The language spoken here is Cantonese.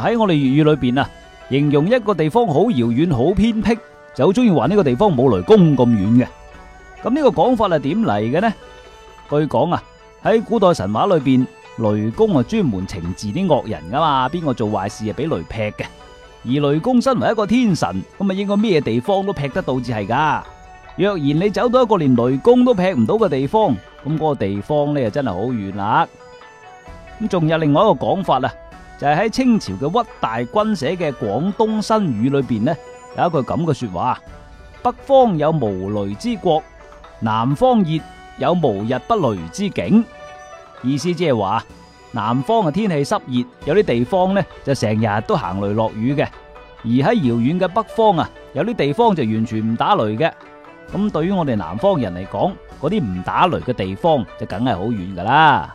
喺我哋粵語裏邊啊，形容一個地方好遙遠、好偏僻，就好中意話呢個地方冇雷公咁遠嘅。咁呢個講法係點嚟嘅呢？據講啊，喺古代神話裏邊，雷公係專門懲治啲惡人噶嘛，邊個做壞事啊俾雷劈嘅。而雷公身為一個天神，咁啊應該咩地方都劈得到至係噶。若然你走到一個連雷公都劈唔到嘅地方，咁嗰個地方咧就真係好遠啦。咁仲有另外一個講法啊。就喺清朝嘅屈大均寫嘅《廣東新語》裏邊呢，有一句咁嘅說話：「北方有無雷之國，南方熱，有無日不雷之境。」意思即係話，南方嘅天氣濕熱，有啲地方呢就成日都行雷落雨嘅；而喺遙遠嘅北方啊，有啲地方就完全唔打雷嘅。咁對於我哋南方人嚟講，嗰啲唔打雷嘅地方就梗係好遠噶啦。